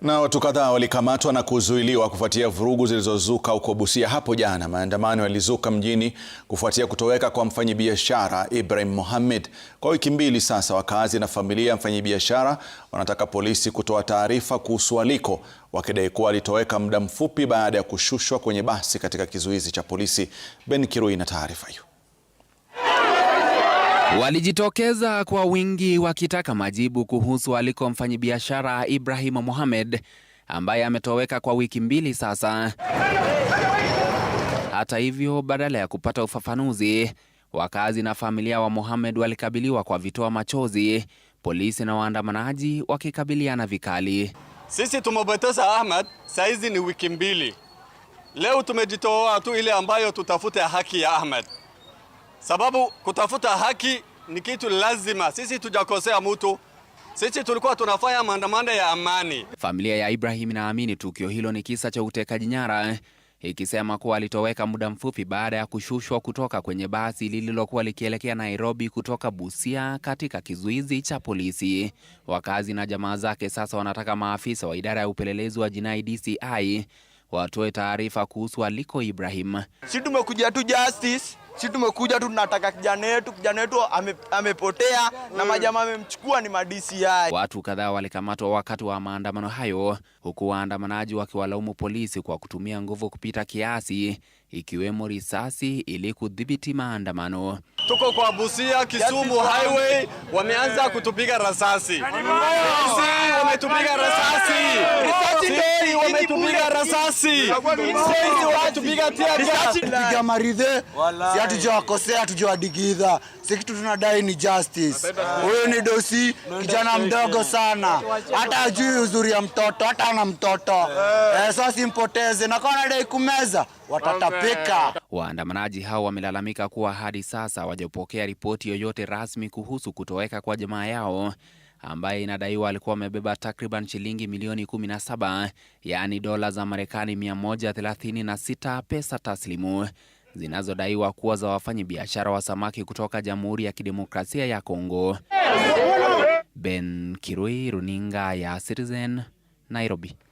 Na watu kadhaa walikamatwa na kuzuiliwa kufuatia vurugu zilizozuka huko Busia hapo jana. Maandamano yalizuka mjini kufuatia kutoweka kwa mfanyabiashara Ibrahim Mohamed. Kwa wiki mbili sasa, wakazi na familia ya mfanyabiashara wanataka polisi kutoa taarifa kuhusu aliko, wakidai kuwa alitoweka muda mfupi baada ya kushushwa kwenye basi katika kizuizi cha polisi. Ben Kirui na taarifa hiyo. Walijitokeza kwa wingi wakitaka majibu kuhusu aliko mfanyibiashara Ibrahim Mohamed ambaye ametoweka kwa wiki mbili sasa. Hata hivyo, badala ya kupata ufafanuzi, wakazi na familia wa Mohamed walikabiliwa kwa vitoa machozi, polisi na waandamanaji wakikabiliana vikali. Sisi tumepoteza Ahmed saizi ni wiki mbili. Leo tumejitoa tu ile ambayo tutafute haki ya Ahmed sababu kutafuta haki ni kitu lazima. Sisi tujakosea mtu, sisi tulikuwa tunafanya maandamano ya amani. Familia ya Ibrahim inaamini tukio hilo ni kisa cha utekaji nyara, eh, ikisema kuwa alitoweka muda mfupi baada ya kushushwa kutoka kwenye basi lililokuwa likielekea Nairobi kutoka Busia katika kizuizi cha polisi. Wakazi na jamaa zake sasa wanataka maafisa wa idara ya upelelezi wa jinai DCI watoe taarifa kuhusu aliko Ibrahim. Si tumekuja tu justice si tumekuja tu tunataka kijana wetu, kijana wetu ame, amepotea na hmm. majamaa amemchukua ni madisi haya. Watu kadhaa walikamatwa wakati wa maandamano hayo, huku waandamanaji wakiwalaumu polisi kwa kutumia nguvu kupita kiasi, ikiwemo risasi ili kudhibiti maandamano. Tuko kwa Busia Kisumu highway, wameanza kutupiga rasasi yaani wametupiga yaani risasi kupiga rasasi, piga maridhe, si hatujawakosea, hatujawadigidha. Si kitu tunadai ni justice. Huyu ni dosi, kijana mdogo sana, hata ajui uzuri ya mtoto, hata ana mtoto eh. Eh, sasa, simpoteze na kwa nadai kumeza watatapika. Waandamanaji hao wamelalamika kuwa hadi sasa hawajapokea ripoti yoyote rasmi kuhusu kutoweka kwa jamaa yao ambaye inadaiwa alikuwa amebeba takriban shilingi milioni 17 yaani dola za Marekani 136 pesa taslimu zinazodaiwa kuwa za wafanyabiashara wa samaki kutoka Jamhuri ya Kidemokrasia ya Kongo. Ben Kirui, runinga ya Citizen, Nairobi.